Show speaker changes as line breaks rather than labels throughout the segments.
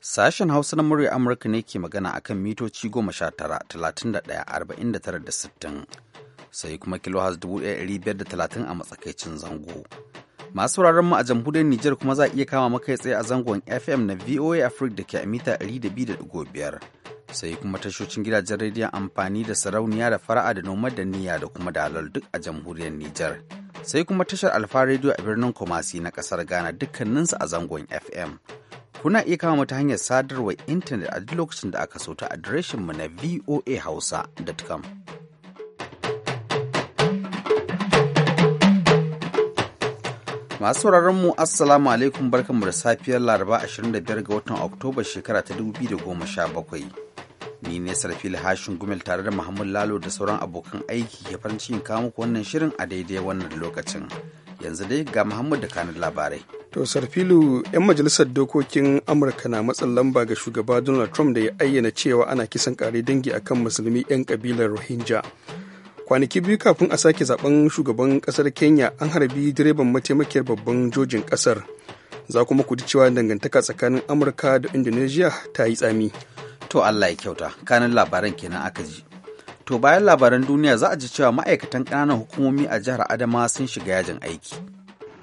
Sashen Hausa na murya Amurka ne ke magana a kan mitoci goma sha tara, talatin da ɗaya, arba'in da tara da sittin, sai kuma kilohaz dubu ɗaya ɗari biyar da talatin a matsakaicin zango. Masu wuraren mu a jamhuriyar Nijar kuma za a iya kama makai tsaye a zangon FM na VOA Africa da ke a mita ɗari sai kuma tashocin gidajen rediyon amfani da sarauniya da fara'a da noma da niyya da kuma dalol duk a jamhuriyar Nijar. Sai kuma tashar Alfa rediyo a birnin Kumasi na kasar Ghana dukkaninsu a zangon FM. Kuna iya kama ta hanyar sadarwar intanet a duk lokacin da aka so ta adireshin mu na voahausa.com. Masu sauraron mu Assalamu alaikum barkanmu da safiyar Laraba 25 ga watan Oktoba shekara ta 2017. ni ne sarfil hashin gumel tare da muhammad lalo da sauran abokan aiki ke farin cikin kawo muku wannan shirin a daidai wannan lokacin yanzu dai ga muhammad da kanin labarai
to sarfilu 'yan majalisar dokokin amurka na matsin lamba ga shugaba donald trump da ya ayyana cewa ana kisan kare dangi akan musulmi 'yan kabilar rohingya kwanaki biyu kafin a sake zaben shugaban kasar kenya an harbi direban mataimakiyar babban jojin kasar za kuma ku cewa dangantaka tsakanin amurka da indonesia ta yi tsami To Allah ya kyauta,
kanin labaran kenan aka ji. To bayan labaran duniya za a ji cewa ma'aikatan ƙananan hukumomi a jihar Adama sun shiga yajin aiki.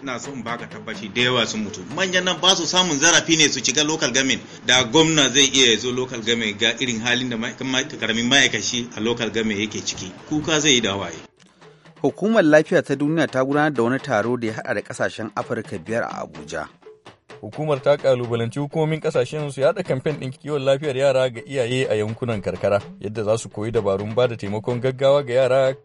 ina so in baka tabbaci da yawa sun mutu manyan nan ba su samun zarafi ne su shiga local government da gwamna zai iya zo local government ga irin halin da karamin ma'aikaci a local government yake ciki kuka zai yi dawaye
hukumar lafiya ta duniya ta gudanar da wani taro da ya haɗa da ƙasashen afirka biyar a abuja
hukumar ta kalubalanci hukumomin kasashen su yada kamfen ɗin kiwon lafiyar yara ga iyaye a yankunan karkara yadda za su koyi dabarun ba da taimakon gaggawa ga yara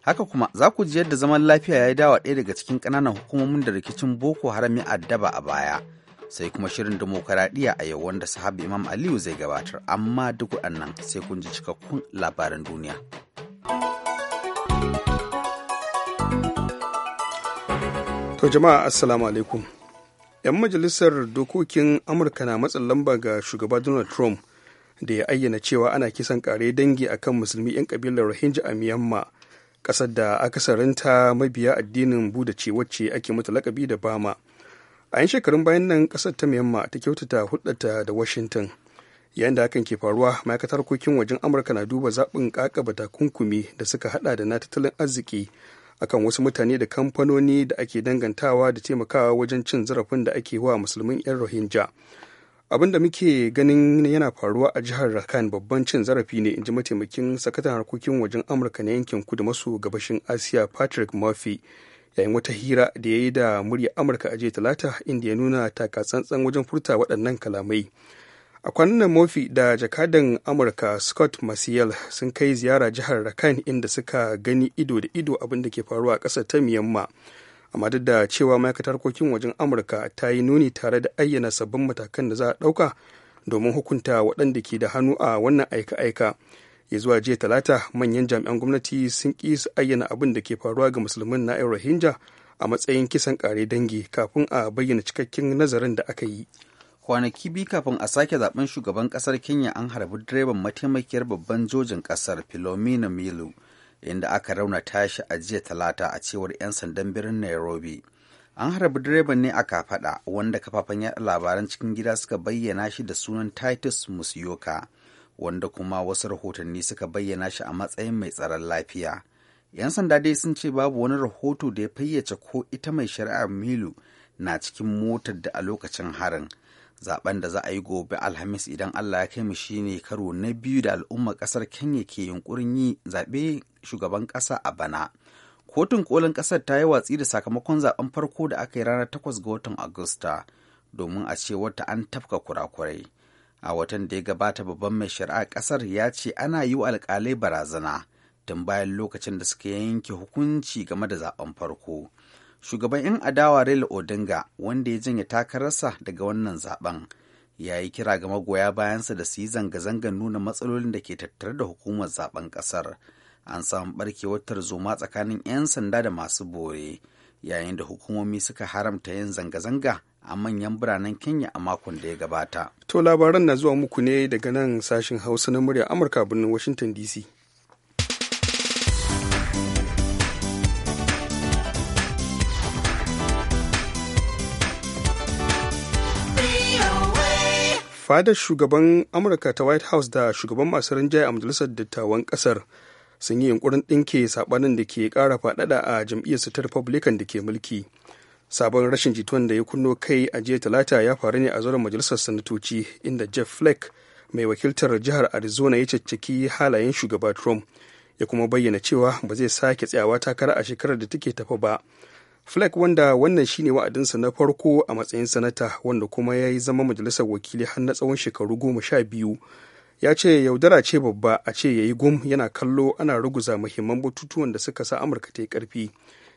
haka kuma za
ku ji yadda zaman lafiya ya yi dawa ɗaya daga cikin ƙananan hukumomin da rikicin boko haram ya addaba a baya sai kuma shirin dimokuraɗiyya a yau wanda sahabi imam aliyu zai gabatar amma duk waɗannan sai kun ji cikakkun labaran duniya
to jama'a assalamu alaikum 'yan majalisar dokokin amurka na matsin lamba ga shugaba donald trump da ya ayyana cewa ana kisan kare dangi a kan musulmi 'yan kabilar rohingya a myanmar kasar da akasarinta mabiya addinin buda ce wacce ake mata lakabi da bama a yan shekarun bayan nan kasar ta myanmar ta kyautata hudata da washington yayin da hakan ke faruwa ma'aikatar harkokin wajen amurka na duba zaɓin kakaba takunkumi da suka hada da na tattalin arziki akan wasu mutane da kamfanoni da ake dangantawa da taimakawa wajen cin zarafin da ake wa musulmin 'yan rohingya abin da muke ganin yana faruwa a jihar rakan babban cin zarafi ne inji mataimakin sakatan harkokin wajen amurka na yankin kudu maso gabashin asiya patrick murphy yayin wata hira da ya yi da murya amurka a jiya talata inda ya nuna takatsantsan wajen furta waɗannan kalamai a kwanan mofi da jakadan amurka scott masiel sun kai ziyara jihar rakhine inda suka gani ido da ido abin da ke faruwa a ƙasar ta miyamma amma duk da cewa ma'aikatar harkokin wajen amurka ta yi nuni tare da ayyana sabbin matakan da za a ɗauka domin hukunta waɗanda ke da hannu a wannan aika-aika ya zuwa jiya talata manyan jami'an gwamnati sun ƙi su ayyana abin da ke faruwa ga musulmin na rohingya a matsayin kisan ƙare dangi kafin a bayyana cikakken nazarin da aka yi kwanaki biyu kafin a sake zaben shugaban kasar kenya an harbi direban
mataimakiyar babban jojin kasar philomena milu inda aka rauna tashi a jiya talata a cewar 'yan sandan birnin nairobi an harbi direban ne a kafaɗa wanda kafafen yaɗa labaran cikin gida suka bayyana shi da sunan titus musyoka wanda kuma wasu rahotanni suka bayyana shi a matsayin mai tsaron lafiya 'yan sanda dai sun ce babu wani rahoto da ya fayyace ko ita mai shari'ar milu na cikin motar da a lokacin harin zaben da za a yi gobe alhamis idan allah ya kai mu shine karo na biyu da al'ummar kasar kenya ke yunkurin yi zaɓe shugaban ƙasa a bana kotun kolin ƙasar ta yi watsi da sakamakon zaben farko da aka yi ranar 8 ga watan agusta domin a ce wata an tafka kurakurai a watan da ya gabata babban mai shari'a ƙasar ya ce ana yi wa alƙalai barazana tun bayan lokacin da suka yanke hukunci game da zaben farko. shugaban 'yan adawa Raila Odinga wanda ya janye takararsa daga wannan zaben ya yi kira ga magoya bayansa da su yi zanga-zangar nuna matsalolin da ke tattare da hukumar zaben kasar. An samu barkewar tarzoma tsakanin 'yan sanda da masu bore yayin da hukumomi suka haramta yin zanga-zanga a manyan biranen Kenya a makon da ya gabata.
To labaran na zuwa muku ne daga nan sashen Hausa na murya Amurka birnin Washington DC. fadar shugaban amurka ta white house da shugaban masu rinjaye a majalisar dattawan kasar sun yi yunkurin ɗinke saɓanin da ke ƙara faɗaɗa a jam'iyyar ta republican da ke mulki sabon rashin jituwan da ya kunno kai a jiya talata ya faru ne a zauren majalisar sanatoci inda jeff flake mai wakiltar jihar arizona ya caccaki halayen shugaba trump ya kuma bayyana cewa ba zai sake tsayawa takara a shekarar da take tafa ba fleck wanda wannan shine wa'adinsa na farko a matsayin sanata wanda kuma ya yi zama majalisar wakili har na tsawon shekaru goma sha biyu ya ce yaudara ce babba a ce ya yi gum yana kallo ana ruguza muhimman batutuwan da suka sa amurka ta yi karfi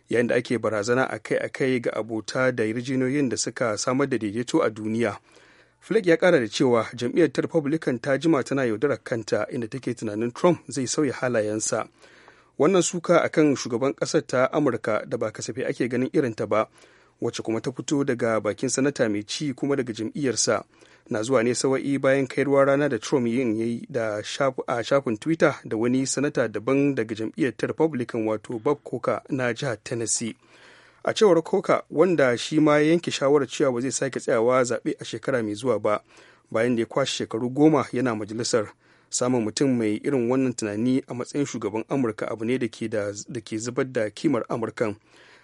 yayin da ake barazana a kai-a kai ga abota da yarjejeniyoyin da suka samar da daidaito a duniya flake ya kara da cewa jam'iyyar ta republican ta jima tana yaudara kanta inda take tunanin trump zai sauya halayensa wannan suka kan shugaban ƙasar ta amurka da ba kasafai ake ganin irin ta ba wacce kuma ta fito daga bakin sanata mai ci kuma daga jam'iyyarsa na zuwa ne sawa'i bayan kairuwa rana da trump yin yayi da a shafin twitter da wani sanata daban daga jam'iyyar ta republican wato bob coker na jihar tennessee a cewar coker wanda shi ma ya yanke shawarar cewa ba zai sake tsayawa zaɓe a shekara mai zuwa ba bayan da ya kwashe shekaru goma yana majalisar samun mutum mai irin wannan tunani a matsayin shugaban amurka abu ne da ke zubar da kimar amurkan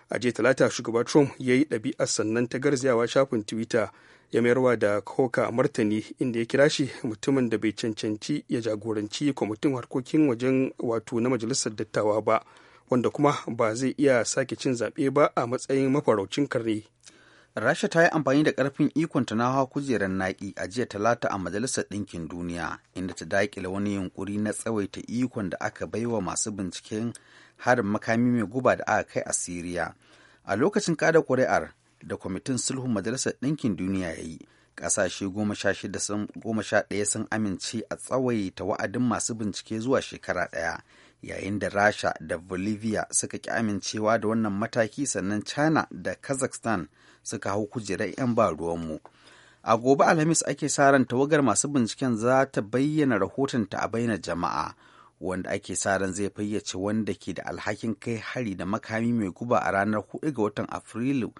a jiya talata shugaba trump ya yi ɗabi'ar sannan ta garzayawa shafin twitter ya mayarwa da koka martani inda ya kira shi mutumin da bai cancanci ya jagoranci kwamitin harkokin wajen wato na majalisar dattawa ba wanda kuma ba zai iya sake cin zaɓe ba a matsayin mafaraucin karni Rasha ta yi amfani da ƙarfin
ikonta na hawa kujerar naƙi a jiya talata a Majalisar Ɗinkin Duniya, inda ta daƙile wani yunƙuri na tsawaita ikon da aka baiwa masu binciken harin makami mai guba da aka kai a Siriya. A lokacin kada ƙuri'ar da Kwamitin Sulhun Majalisar Ɗinkin Duniya ya yi, ƙasashe goma sha ɗaya sun amince a tsawaita wa'adin masu bincike zuwa shekara ɗaya. yayin da rasha da bolivia suka ki amincewa da wannan mataki sannan china da kazakhstan suka hau kujerar 'yan ba ruwanmu. A gobe Alhamis ake sa ran tawagar masu binciken za ta bayyana rahotonta a bainar jama'a, wanda ake sa ran zai fayyace wanda ke da alhakin kai hari da makami mai guba a ranar 4 ga watan Afrilu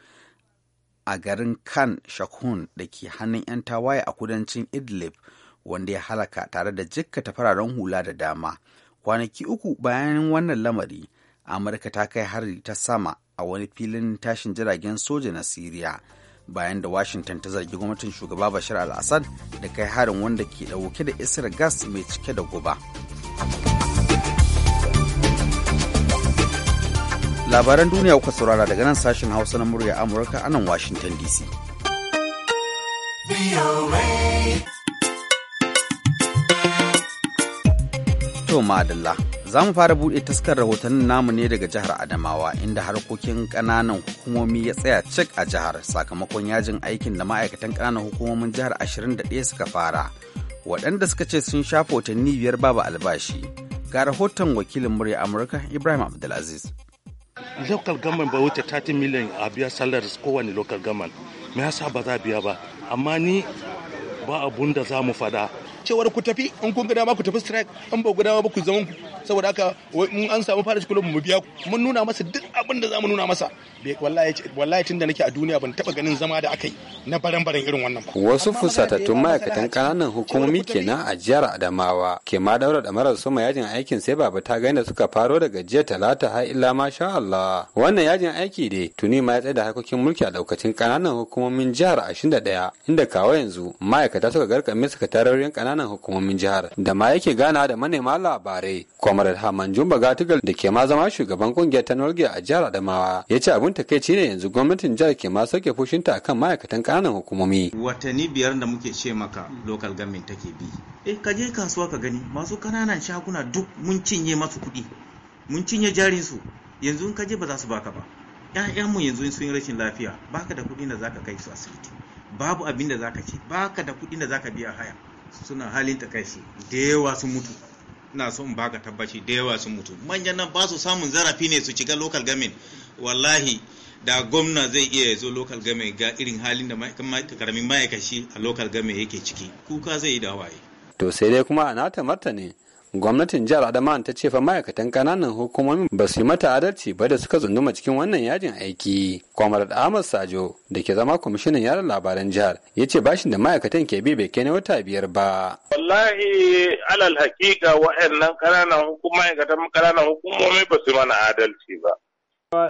a garin Khan Shakun da ke hannun 'yan tawaye a kudancin Idlib, wanda ya halaka tare da jikkata fararen hula da dama. Kwanaki uku bayan wannan lamari, Amurka ta kai hari ta sama a wani filin tashin jiragen soja na Siriya bayan da Washington ta zargi gwamnatin shugaba Bashar al-Assad da kai harin wanda ke dauke da isar gas mai cike da guba. Labaran duniya kuka saurara daga nan sashen Hausa na murya Amurka a nan Washington DC. To madalla. Za mu fara buɗe taskar rahotannin namu ne daga jihar Adamawa inda harkokin ƙananan hukumomi ya tsaya cik a jihar sakamakon yajin aikin da ma'aikatan kananan hukumomin jihar 21 suka fara. Waɗanda suka ce sun shafa watanni biyar babu albashi. Ga rahoton wakilin murya Amurka Ibrahim Abdulaziz. Local government ba wuce 30 million a biya salaries kowane local government. Me yasa ba za biya
ba? Amma ni ba abun da za mu faɗa cewar ku tafi in kun gada ku tafi strike in ba gada ba ku zama ku saboda haka in an samu fara club mu biya ku mun nuna masa duk abin da zamu nuna masa wallahi wallahi tunda nake a duniya ban taba ganin zama da aka na baran-baran
irin wannan ba
wasu fusatattun ma'aikatan kananan hukumomi kenan a jihar Adamawa ke ma daura da marar soma yajin aikin sai baba ta gani da suka faro daga jiya talata har illa masha Allah wannan yajin aiki dai tuni ma ya tsaya da hakokin mulki a daukacin kananan hukumomin jihar 21 inda kawo yanzu ma'aikata suka garkame sakatarorin kananan ƙananan hukumomin jihar da ma yake gana da manema labarai comrade haman jumba gatugal da ke ma zama shugaban kungiyar tanolgiya a jihar adamawa ya ce abin takaici ne yanzu gwamnatin jihar ke ma sauke fushinta a kan ma'aikatan ƙananan hukumomi
watanni biyar da muke ce maka local government take bi eh ka je kasuwa ka gani masu ƙananan shaguna duk mun cinye masu kuɗi mun cinye jarinsu yanzu ka je ba za su baka ba ƴaƴanmu yanzu sun yi rashin lafiya baka da kuɗin da zaka kai su asibiti babu abin da zaka ci baka da kuɗin da zaka biya haya suna halin takaici da yawa sun mutu ina so in baka tabbaci da yawa sun mutu manyan nan ba su samun zarafi ne su shiga local government wallahi da gwamna zai iya zo local government ga irin halin da karamin ma'aikaci a local government yake ciki kuka zai yi da waye
to sai dai kuma a nata martani gwamnatin jihar adama ta ce fa ma'aikatan kananan hukumomin ba su yi mata adalci ba da suka zunduma cikin wannan yajin aiki kwamarat ahmad sajo da ke zama kwamishinan yara labaran jihar ya ce bashin da ma'aikatan ke bi bai kai na wata biyar ba
wallahi alal hakika wa'annan kananan hukuma ma'aikatan kananan hukumomi ba su mana adalci ba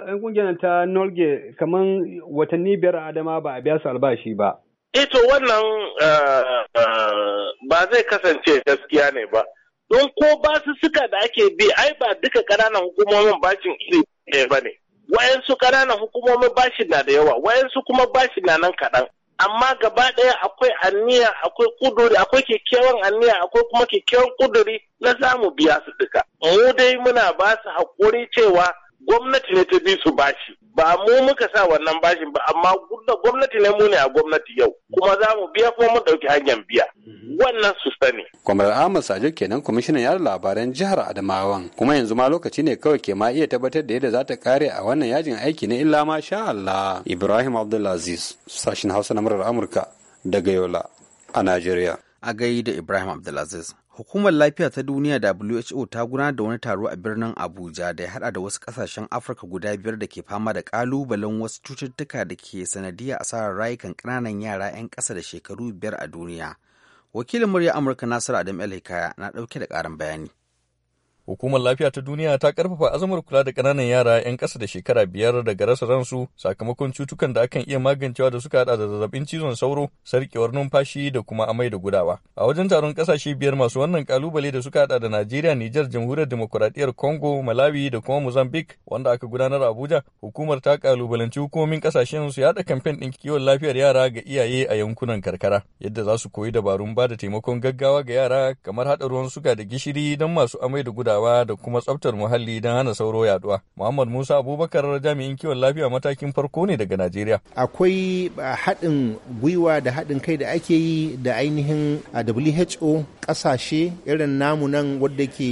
yan kungiyar ta norge kamar watanni biyar adama ba a biya su albashi ba
Ito eh, wannan eh, eh, ba zai kasance gaskiya ne ba. don ko ba su suka da ake bi ai ba duka ƙananan hukumomin bashin iri ɗaya ba ne wayansu ƙananan hukumomin bashin na da yawa wayansu kuma bashin na nan kaɗan amma gaba ɗaya akwai anniya, akwai kuduri akwai kyakkyawan anniya, akwai kuma kyakkyawan kuduri na zamu biya su duka mu dai muna ba su haƙuri cewa gwamnati ne ta bi su bashi ba mu muka sa wannan bashin ba amma gwamnati ne mu ne a gwamnati yau kuma za mu biya kuma mu dauki hanyar biya wannan su sani.
Kwamar Ahmad Sajo kenan kwamishinan yada labaran jihar Adamawan kuma yanzu ma lokaci ne kawai ke ma iya tabbatar da yadda za ta kare a wannan yajin aiki na illa ma sha Allah. Ibrahim Abdulaziz sashin Hausa na murar Amurka
daga Yola a Najeriya. A gai da Ibrahim Abdulaziz. Hukumar Lafiya ta Duniya WHO ta gudanar da wani taro a birnin Abuja da ya hada da wasu kasashen Afrika guda biyar da ke fama da kalubalen wasu cututtuka da ke sanadiyar asarar rayukan ƙananan yara 'yan ƙasa da shekaru biyar a duniya. Wakilin murya Amurka Nasiru Adam El na ɗauke da
ƙarin bayani. Hukumar Lafiya ta Duniya ta karfafa azumar kula da kananan yara 'yan ƙasa da shekara biyar daga rasa ransu sakamakon cutukan da akan iya magancewa da suka hada da zazzabin cizon sauro, sarkewar numfashi da kuma amai da gudawa. A wajen taron ƙasashe biyar masu wannan kalubale da suka hada da Najeriya, Nijar, Jamhuriyar Demokuraɗiyyar Congo, Malawi da kuma Mozambique wanda aka gudanar a Abuja, hukumar ta kalubalanci hukumomin ƙasashen su yaɗa kamfen ɗin kiwon lafiyar yara ga iyaye a yankunan karkara, yadda za su koyi dabarun ba da taimakon gaggawa ga yara kamar haɗa ruwan suga da gishiri don masu amai da gudawa. kulawa da kuma tsaftar muhalli don hana sauro yaduwa. Muhammad Musa Abubakar jami'in kiwon lafiya matakin farko ne daga Najeriya.
Akwai ah, haɗin gwiwa da haɗin kai da ake yi da ainihin ah, WHO kasashe irin namu nan wadda ke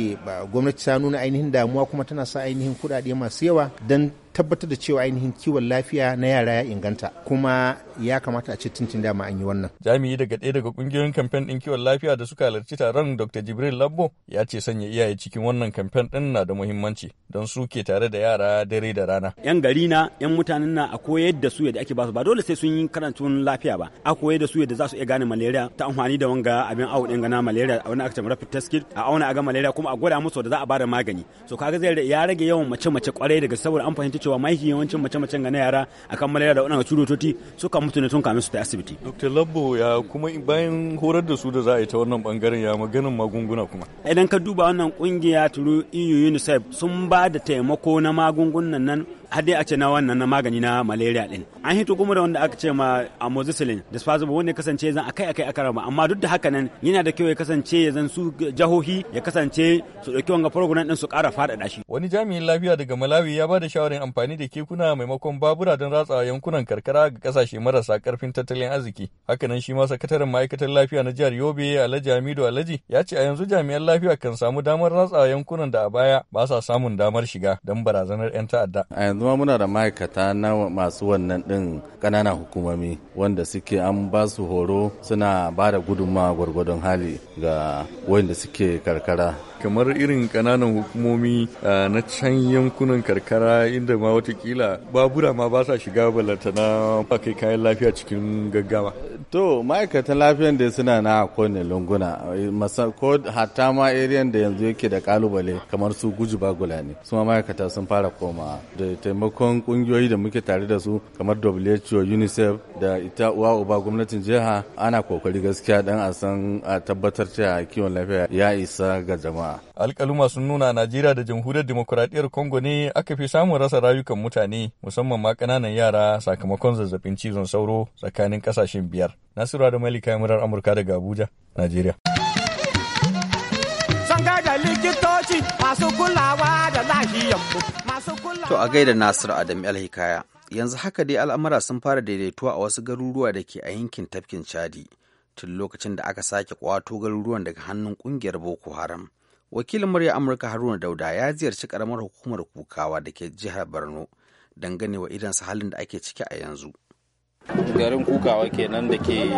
gwamnati ta nuna ainihin damuwa kuma tana sa ainihin kuɗaɗe masu yawa don tabbatar da cewa ainihin kiwon lafiya na yara ya inganta kuma ya kamata a ce tuntun dama
an yi wannan. Jami'i daga ɗaya daga ƙungiyoyin kamfen ɗin kiwon lafiya da suka halarci taron Dr. Jibril Labbo ya ce sanya iyaye cikin wannan kamfen ɗin na da muhimmanci don su ke tare da yara dare da rana. Yan gari na, yan mutanen na a koyar da su yadda ake basu ba dole sai sun yi karantun lafiya ba. A
koyar da su yadda za su iya gane malaria ta amfani da wanga abin awo ɗin gana malaria. malaria wani rapid test kit a auna a ga malaria kuma a gwada musu da za a bada magani so kaga zai ya rage yawan mace mace kwarai daga saboda an fahimci cewa mai yawancin mace mace ga na yara akan malaria da wannan cututtuki suka mutu ne tun kamin su ta asibiti
dr labbo ya kuma bayan horar da su da za a yi ta wannan bangaren ya maganin magunguna kuma
idan ka duba wannan kungiya turu e EU UNICEF sun ba da taimako na magungunan nan har dai a ce na wannan na magani na malaria din an hito kuma da wanda aka ce ma amoxicillin disposable wanda kasance zan akai akai aka raba amma duk da haka nan yana da kyau ya kasance ya zan su jahohi ya
kasance su dauki wanga program din su kara fada shi wani jami'in lafiya daga Malawi ya ba da shawarin amfani da kekuna maimakon babura don ratsa yankunan karkara ga kasashe marasa karfin tattalin arziki hakanan shi ma sakataren ma'aikatar lafiya na jihar Yobe Alhaji Hamidu Alhaji ya ce a yanzu jami'an lafiya kan samu damar ratsa yankunan da a baya ba sa samun damar shiga don barazanar 'yan ta'adda a yanzu
yanzu ma muna da ma'aikata na masu wannan ɗin ƙananan hukumomi wanda suke an ba su horo suna ba da gudunmawa gwargwadon hali ga wanda suke karkara
kamar irin kananan hukumomi na can yankunan karkara inda ma watakila babura ma ba sa shiga balanta na kai kayan lafiya cikin gaggawa to ma'aikatan lafiyan da suna na kone lunguna ko hatta ma irin
da yanzu yake da kalubale kamar su guji bagula ne su ma'aikata sun fara koma da taimakon kungiyoyi da muke tare da su kamar who unicef da ita uwa uba gwamnatin jiha ana kokari gaskiya dan a san a tabbatar cewa kiwon lafiya ya isa ga
jama'a Amurka. Alkaluma sun nuna Najeriya da Jamhuriyar Demokuraɗiyyar Congo ne aka fi samun rasa rayukan mutane musamman ma kananan yara sakamakon zazzabin cizon sauro tsakanin ƙasashen biyar. Nasiru da Malika Murar Amurka daga Abuja, Najeriya.
da likitoci masu kulawa da
To a gaida Nasir
Adam Alhikaya, yanzu haka dai al'amura sun fara daidaituwa a wasu garuruwa da ke a yankin tafkin Chadi. tun lokacin da aka sake kwato garuruwan daga hannun kungiyar boko haram wakilin murya amurka haruna dauda ya ziyarci karamar hukumar kukawa da ke jihar borno dangane wa idansa halin da ake ciki a yanzu garin kukawa kenan da ke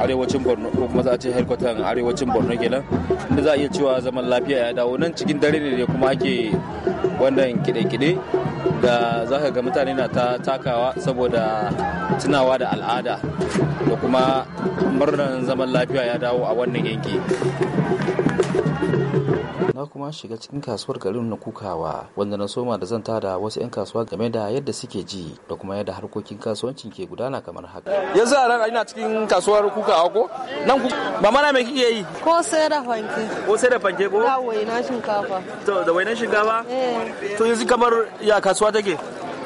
arewacin borno ko kuma za a ce harkotan arewacin borno kenan inda za a iya cewa zaman
lafiya ya dawo nan cikin dare ne kuma ake wannan kide-kide da za ka ga mutane na ta takawa saboda tunawa da al'ada da kuma murnan zaman lafiya ya dawo a wannan yanki
na kuma shiga cikin kasuwar garin na kukawa wanda na soma da zan tada wasu 'yan kasuwa game da yadda suke ji da kuma yadda harkokin kasuwancin ke gudana kamar haka
yanzu a ran ina cikin
kasuwar kukawa ko nan ba mana me kike yi
ko sai da fanke
ko sai da fanke ko da waina shinkafa to da wainan shinkafa eh. to yanzu kamar ya kasuwa take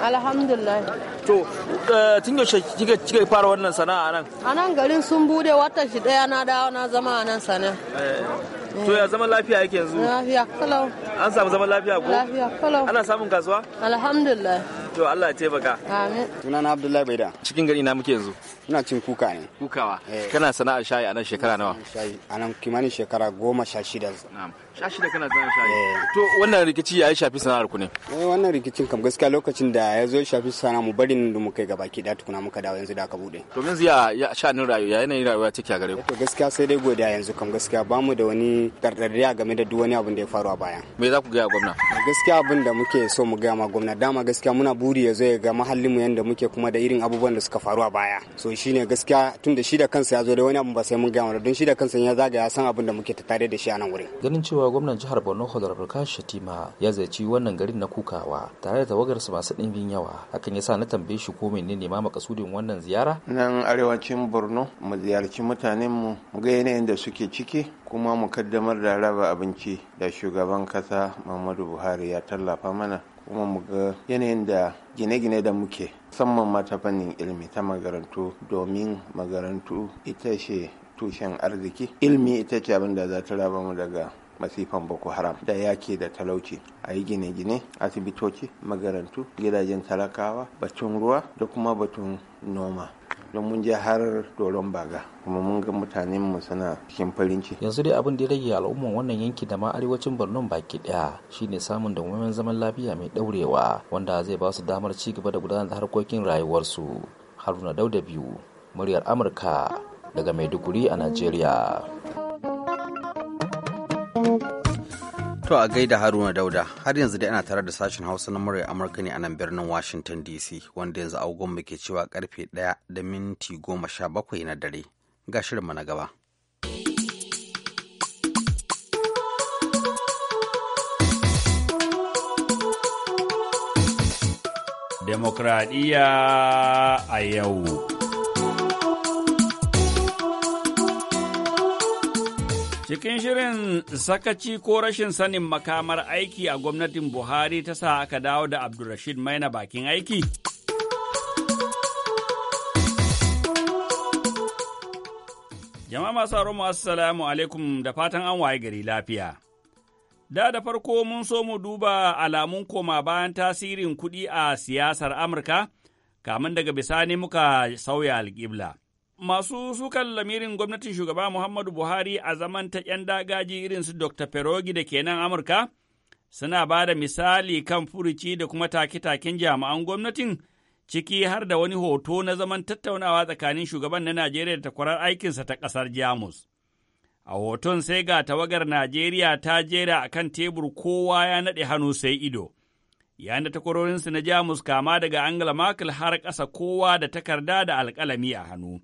alhamdulillah
to eh, tun yaushe kika kika fara wannan sana'a nan
a nan garin sun bude watan shi daya na dawo na zama a nan sana'a
eh. to ya zama lafiya yake
yanzu lafiya kalau an samu zaman lafiya ko lafiya kalau ana samun kasuwa
alhamdulillah
To Allah ya taimaka.
Amin. na Abdullahi Baida. Cikin gari na muke yanzu. Ina cin kuka ne.
Kukawa. Eh. Kana
sana'ar shayi a nan shekara nawa? Shayi a nan kimanin shekara goma sha shida. Sha
shida kana sana'ar shayi. Eh.
To wannan rikici ya shafi sana'ar ku ne? Eh wannan rikicin kam gaskiya lokacin da ya zo ya shafi sana'a mu barin da mu kai gabaki da tukuna muka dawo yanzu da ka bude. To yanzu ya ya sha'anin rayuwa yanayin rayuwa take a gare ku. Eh, to gaskiya sai dai godiya yanzu kam gaskiya ba mu da wani dardariya game da duk wani abin da ya faru a baya.
Me za ku gaya gwamna?
Gaskiya abin da muke so mu ga ma gwamna dama gaskiya muna buri ya zo ya ga mahallinmu yadda muke kuma da irin abubuwan da suka faru a baya so ne gaskiya tunda da shi da kansa ya zo da wani abu ba sai mun gaya don shi da kansa ya zaga ya san abin da muke tattare da shi a nan wurin
ganin cewa
gwamnan jihar Borno Honorable Kashi Shatima ya zaci wannan garin na Kukawa tare da tawagar su masu ɗimbin yawa hakan yasa na tambaye shi ko menene ma makasudin wannan
ziyara nan arewacin Borno
mu ziyarci mutanen mu mu ga yanayin da suke ciki kuma mu kaddamar da raba abinci da shugaban kasa Muhammadu Buhari ya tallafa mana kuma mu ga yanayin da gine-gine da muke musamman ma ta fannin ilimi ta magarantu domin magarantu ita ce tushen arziki ilimi ita ce abin da za ta raba mu daga masifan boko haram da yaki da talauci a yi gine-gine asibitoci magarantu gidajen talakawa batun ruwa da kuma batun noma don mun je har doron baga kuma mun ga mutanen mu suna cikin farin ciki yanzu dai abin da ya rage al'umman wannan yanki da ma arewacin Borno baki daya shine samun dawwammamen zaman lafiya mai daurewa wanda zai ba su damar ci gaba da gudanar da harkokin rayuwarsu Haruna Dauda biyu muryar Amurka
daga Maiduguri a nigeria. To a gaida Haruna Dauda, har yanzu dai ana tare da sashen Hausa na murya Amurka ne a nan birnin Washington DC, wanda yanzu agogon mu ke cewa karfe 1 da minti 17 na dare. Ga shirinmu na gaba.
Demokradiyya a yau. Cikin shirin sakaci ko rashin sanin makamar aiki a gwamnatin Buhari ta sa aka dawo da Abdulrashid Maina bakin aiki. Jama'a masu aromu assalamu alaikum da fatan an waye gari lafiya. Da da farko mun so mu duba alamun koma bayan tasirin kuɗi a siyasar Amurka, kamun daga bisani muka sauya alƙibla. Masu sukan lamirin gwamnatin shugaba Muhammadu Buhari a zaman ta ‘yan dagaji irin su Dr. Ferogi da ke nan Amurka, suna ba da misali kan furuci da kuma take-taken jami'an gwamnatin ciki har da wani hoto na zaman tattaunawa tsakanin shugaban na Najeriya da takwarar aikinsa ta ƙasar Jamus. A hoton sai ga tawagar Najeriya ta jera a kan tebur kowa ya naɗe hannu sai ido. yana takwarorinsu na Jamus kama daga Angela Merkel har ƙasa kowa da takarda da alƙalami a hannu.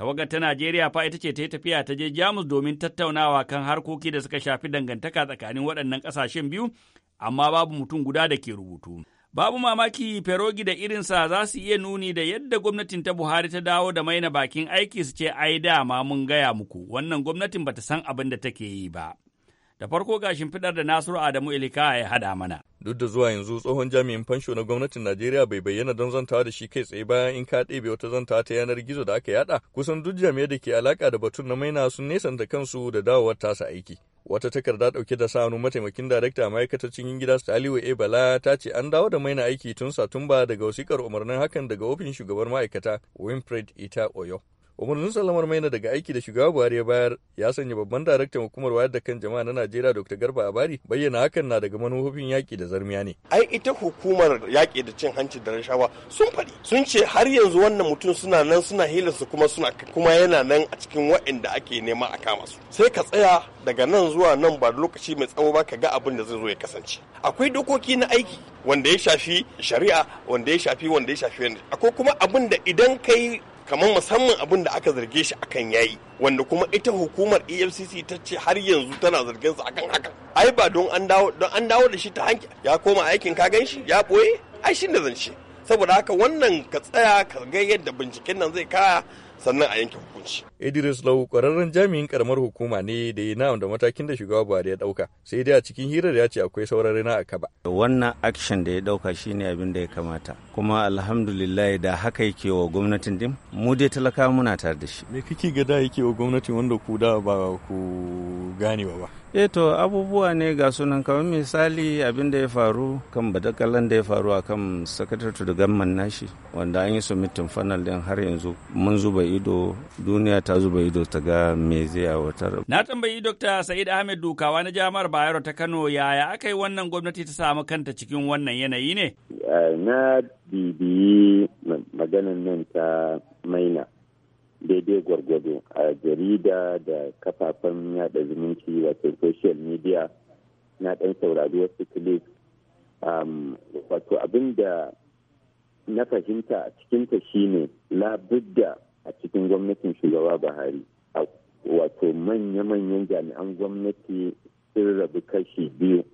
Tawagar ta Najeriya fa ita ce ta yi tafiya ta je Jamus domin tattaunawa kan harkoki da suka shafi dangantaka tsakanin waɗannan ƙasashen biyu, amma babu mutum guda da ke rubutu. Babu mamaki Ferogi da irinsa za su iya nuni da yadda gwamnatin ta Buhari ta dawo da maina bakin aiki su ce ai dama mun gaya muku, wannan gwamnatin bata san abin da take yi ba. Da farko ga
shimfiɗar da Nasiru Adamu Ilika ya hada mana. Duk da zuwa yanzu tsohon jami'in fansho na gwamnatin Najeriya bai bayyana don zantawa da shi kai tsaye bayan in ka ɗebe wata zantawa ta yanar gizo da aka yada kusan duk jami'ai da ke alaka da batun na maina sun nesanta kansu da dawowar tasa aiki. wata takarda ɗauke da sanu mataimakin darakta ma'aikatar cikin gida Salihu A Bala ta ce an dawo da maina aiki tun Satumba daga wasikar umarnin hakan daga ofishin shugabar ma'aikata Winfred Ita Oyo. nusa lamar maina daga aiki da shugaba buhari ya bayar ya sanya babban daraktan hukumar wayar da kan jama'a na najeriya dr garba abari bayyana hakan na daga manufofin yaƙi da zarmiya ne ai ita hukumar yaƙi da cin hanci da rashawa sun faɗi sun ce har yanzu wannan mutum suna nan suna hilarsu kuma suna kuma yana nan a cikin waɗanda ake nema a kama su sai ka tsaya daga nan zuwa nan ba lokaci mai tsawo ba ka ga abin da zai zo ya kasance akwai dokoki na aiki wanda ya shafi shari'a wanda ya shafi wanda ya shafi wanda akwai kuma abin da idan kai kamar musamman abin da aka zarge shi akan yayi wanda kuma ita hukumar efcc ta ce har yanzu tana zargin sa akan haka ai ba don an dawo don an dawo da shi ta hanki ya koma aikin ka ganshi ya boye ai shin da zance saboda haka wannan ka tsaya ka ga yadda binciken nan zai kaya sannan a yanke hukunci. Idris Lau ƙwararren jami'in karamar hukuma ne da ya da matakin da shugaba Buhari ya dauka sai dai a cikin hirar ya ce akwai sauran rina a kaba.
Wannan action da ya dauka shine abin da ya kamata kuma alhamdulillah da haka yake wa gwamnatin din mu dai talaka muna tare da shi. Me kike ga da
yake wa gwamnatin wanda ku da ba ku ganewa ba
eh to abubuwa ne ga sunan kamar misali abin da ya faru kan badakalan da ya faru a kan sakatar to gamman nashi wanda an yi submitting funnel din har yanzu mun zuba ido duniya ta zuba ido ta ga me zai aiwatar
na tambayi dr sa'id ahmed dukawa na jami'ar bayero ta kano yaya aka yi wannan gwamnati ta samu kanta cikin wannan yanayi ne
eh, na bibiyi maganan nan ta maina daidai gwargwado a jarida da kafafen yada zumunci wato social media na dan saurari wasu clip wato abin da na fahimta a cikinta shine labudda a cikin gwamnatin shugaba buhari wato manya-manyan jami'an gwamnati sun rabu kashi biyu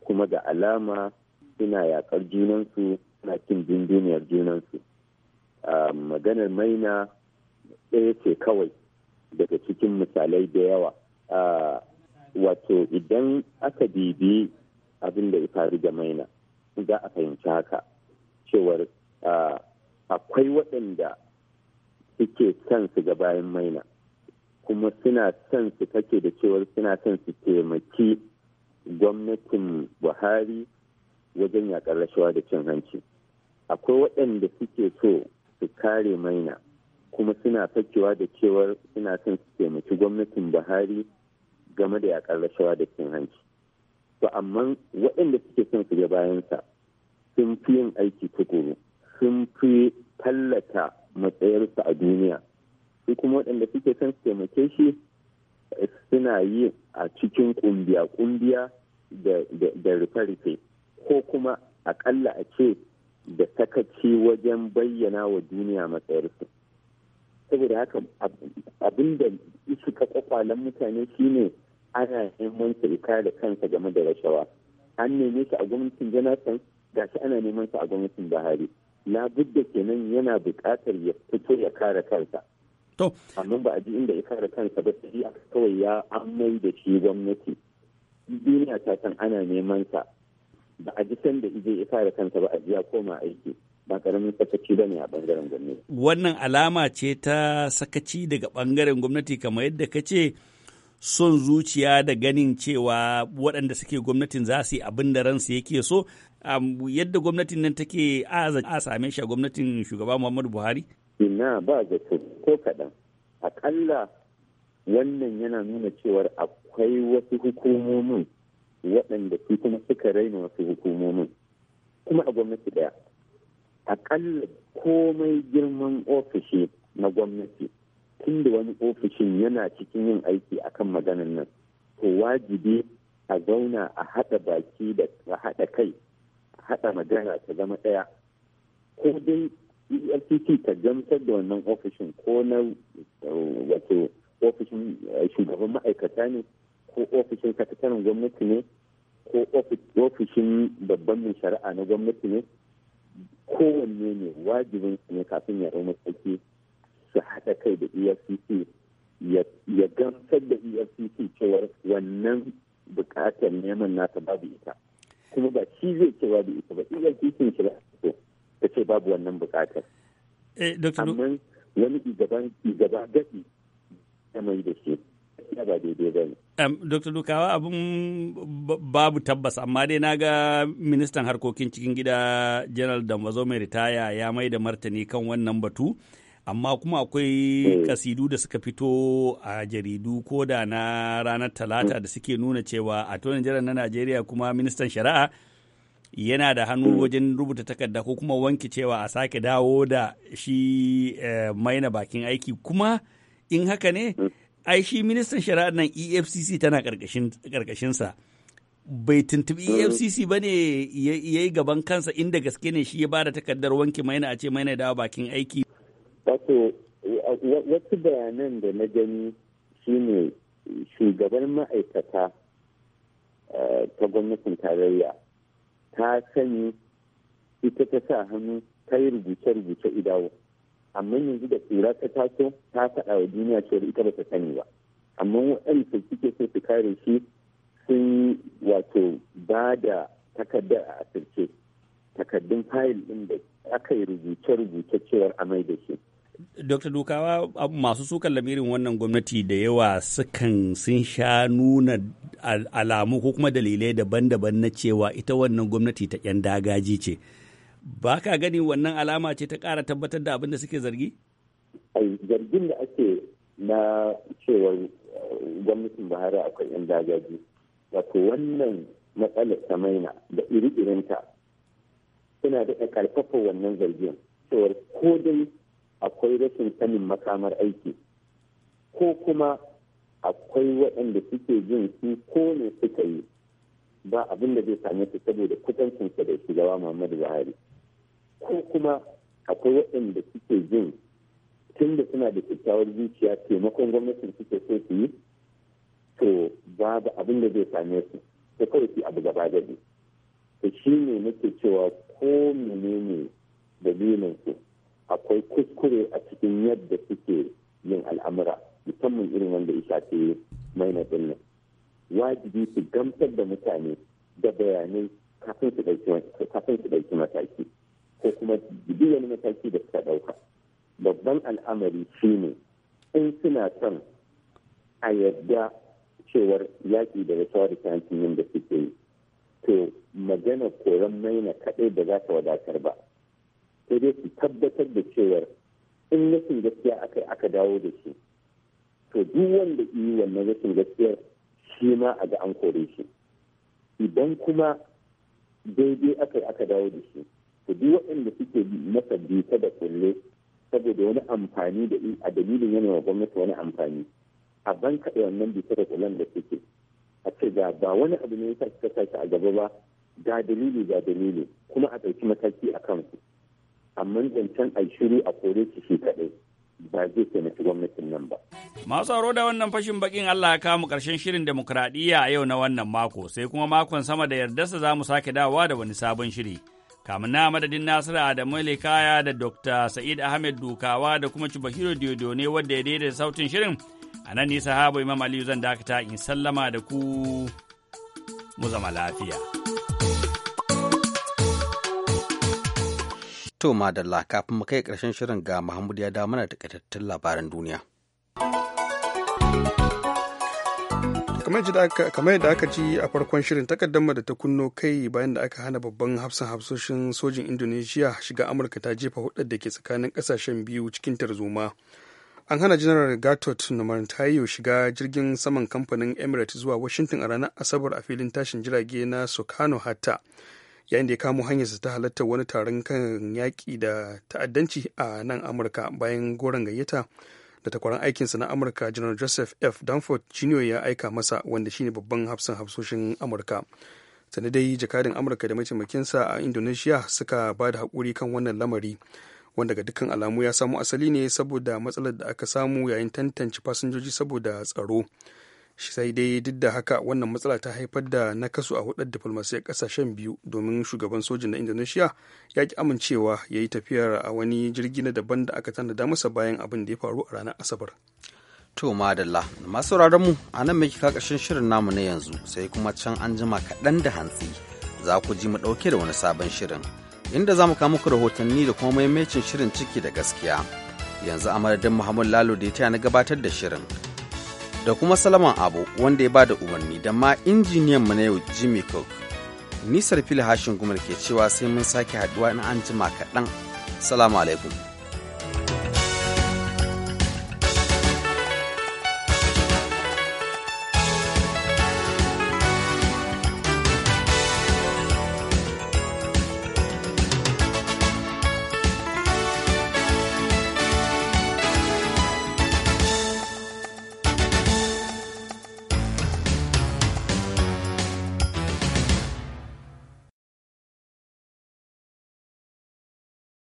kuma da alama suna yakar junansu suna cin dunduniyar junansu maganar maina ɗaya ce kawai daga cikin misalai da yawa wato idan aka bibi abin da ya faru da maina za a fahimci haka cewar akwai waɗanda suke son su ga bayan maina kuma suna son su take da cewar suna son su taimaki gwamnatin buhari wajen yaƙar rashawa da cin hanci akwai waɗanda suke so su kare maina kuma suna fakewa da cewar suna son su taimaki gwamnatin buhari game da yakar rashawa da cin hanci to amma waɗanda suke son su ga bayansa sun fi yin aiki tukuru sun fi tallata matsayarsa a duniya su kuma waɗanda suke son su taimake shi eh, suna yi a cikin kumbiya-kumbiya da rufe-rufe ko kuma aƙalla a ce da sakaci wajen bayyana wa duniya matsayarsu. saboda haka abinda da ka kwakwalen mutane shine ana neman sa ya da kansa game da rashawa an neme shi a gwamnatin jonathan gashi ana neman sa a gwamnatin buhari labudda kenan yana bukatar ya fito ya kare kansa amma ba a ji inda ya kare kansa ba sai a kawai ya amai da shi gwamnati duniya ta san ana neman sa ba a ji sanda ije ya kare kansa ba a ji ya koma aiki ba karamin sakaci ba ne a bangaren gwamnati.
Wannan alama ce ta sakaci daga bangaren gwamnati kamar yadda ka ce son zuciya da ganin cewa waɗanda suke gwamnatin za su yi abin da ransu yake so yadda gwamnatin nan take a same shi a gwamnatin shugaba Muhammadu Buhari?
Ina ba zato ko kaɗan. Aƙalla wannan yana nuna cewar akwai wasu hukumomin waɗanda su kuma suka raina wasu hukumomin kuma a gwamnati ɗaya. akalla komai girman ofishi na gwamnati tun da wani ofishin yana cikin yin aiki akan maganan nan to wajibi a zauna a haɗa baki da a haɗa kai a haɗa magana ta zama ɗaya ko dai efcc ta gamsar da wannan ofishin ko na wato ofishin eh, shugaban ma'aikata ne ko ofishin sakataren gwamnati ne ko ofishin babban shari'a na gwamnati ne kowanne ne wajibin su ne kafin ya rama saki su haɗa kai da efcc ya gamsar da efcc cewa wannan buƙatar neman nata babu ita kuma ba shi zai ce babu ita ba efcc shi ba ta ce babu wannan buƙatar eh, amma wani igaba gaɗi ya mai da shi gaskiya ba daidai ba ne. Dr. Dukawa abin
babu tabbas amma dai na ga ministan harkokin cikin gida General Dambazo mai ritaya ya mai da martani kan wannan batu. Amma kuma akwai eh. kasidu da suka fito a jaridu ko da na ranar talata da suke nuna cewa a tonin jiran na Najeriya kuma ministan shari'a yana da hannu hmm. wajen rubuta takarda ko kuma wanke cewa a sake dawo da shi eh, maina bakin aiki kuma in haka ne hmm. ai shi ministan shari'ar nan efcc tana ƙarƙashinsa bai tuntubi efcc ba ne ya yi gaban kansa inda gaske ne shi ya ba da takardar wanke maina a ce maina dawa bakin aiki
wato wasu bayanan da na gani shi ne shugaban ma'aikata eh, ta gwamnatin tarayya ta sani ita ta sa hannu ta yi rubuce-rubuce idawo amma yanzu da tsira ta taso ta faɗa wa duniya cewa ita ba ta sani ba amma waɗanda suke so su kare shi sun wato ba da takarda a asirce takardun fayil ɗin da aka yi rubuce-rubuce cewar amai da shi
Dr. Dukawa masu sukan lamirin wannan gwamnati da yawa sukan sun sha nuna alamu ko kuma dalilai daban-daban na cewa ita wannan gwamnati ta 'yan dagaji ce. ba ka gani wannan alama ce ta ƙara tabbatar da abin da suke zargi?
zargin da ake na cewar eh, gwamnatin buhari akwai yan dagaji wato wannan matsalar samaina da iri-irinta suna da karfafa wannan zargin cewar ko dai akwai rashin sanin makamar aiki ko kuma akwai waɗanda suke jin su ko ne suka yi ba abin da zai same su saboda kusancinsa da shugaba muhammadu buhari ko kuma akwai waɗanda suke jin tun da suna da kyakkyawar zuciya taimakon gwamnatin suke so su yi to babu abin da zai same su ta kawai su abu gaba gari to shi ne nake cewa ko menene dalilin su akwai kuskure a cikin yadda suke yin al'amura musamman irin wanda ya shafi maina dinnan wajibi su gamsar da mutane da bayanai kafin su ɗauki mataki ko kuma duk wani mataki da suka ɗauka babban al'amari shine in suna son a yadda cewar yaƙi da rasuwa da kyankin yin da suke yi to magana koran maina kaɗai da za ta wadatar ba sai dai su tabbatar da cewar in rashin gaskiya aka aka dawo da shi to duk wanda yi na rashin gaskiyar shi ma a ga an kore shi idan kuma daidai aka aka dawo da shi ku duk waɗanda suke masa bita da kulle saboda wani amfani da a dalilin yana wa gwamnati wani amfani a ban kaɗa wannan bita da kullen da suke a ce ga ba wani abu ne ya suka a gaba ba ga dalili ga dalili kuma a ɗauki mataki a kansu amma zancen a shiru a kore su shi kaɗai ba zai taimaki gwamnatin nan ba.
Masu aro da wannan fashin bakin Allah ya kamu karshen shirin demokuraɗiyya a yau na wannan mako sai kuma makon sama da yardarsa za mu sake dawowa da wani sabon shiri. na madadin Nasiru Adamu Kaya da Dr. Sa'id Ahmed Dukawa da kuma Chubahiro Diodo ne wadda ya daidaita sautin shirin. A nan ne sahabu Imam Aliyu zan dakata in sallama da ku mu zama lafiya.
To madalla kafin mu kai ƙarshen shirin ga Mahmud ya da mana takaitattun labaran duniya.
kamar yadda aka ji a farkon shirin takaddama da ta kunno kai bayan da aka hana babban hafsan hafsoshin sojin indonesiya shiga amurka ta jefa hudar da ke tsakanin kasashen biyu cikin tarzoma an hana janar gatot numantayo shiga jirgin saman kamfanin emirates zuwa washington a ranar asabar a filin tashin jirage na sokano hatta yayin da ya kamo hanyarsa ta halatta wani taron kan yaƙi da ta'addanci a nan amurka bayan goron gayyata da takwaran aikinsa na amurka general joseph f danford jr ya aika masa wanda shine babban hafsan hafsoshin amurka sani dai jakadin amurka da mataimakinsa a indonesia suka ba da haƙuri kan wannan lamari wanda ga dukkan alamu ya samu asali ne saboda matsalar da aka samu yayin tantance fasinjoji saboda tsaro sai dai duk da haka wannan matsala ta haifar da nakasu a hudar diflomasiyyar kasashen biyu domin shugaban sojin na indonesiya ya ki amincewa ya yi tafiyar a wani jirgi na daban da aka tanada masa bayan abin da ya faru a ranar asabar
to madalla masu mu a nan kika kakashin shirin namu na yanzu sai kuma can an jima kaɗan da hantsi za ku ji mu ɗauke da wani sabon shirin inda za mu kawo muku rahotanni da kuma muhimmancin shirin ciki da gaskiya yanzu a madadin muhammad lalo da ya na gabatar da shirin da kuma salaman abu wanda ya ba da umarni da ma injiniyan mu na yau jimmy cook nisar fili hashin gumar ke cewa sai mun sake haduwa na an jima kaɗan salamu alaikum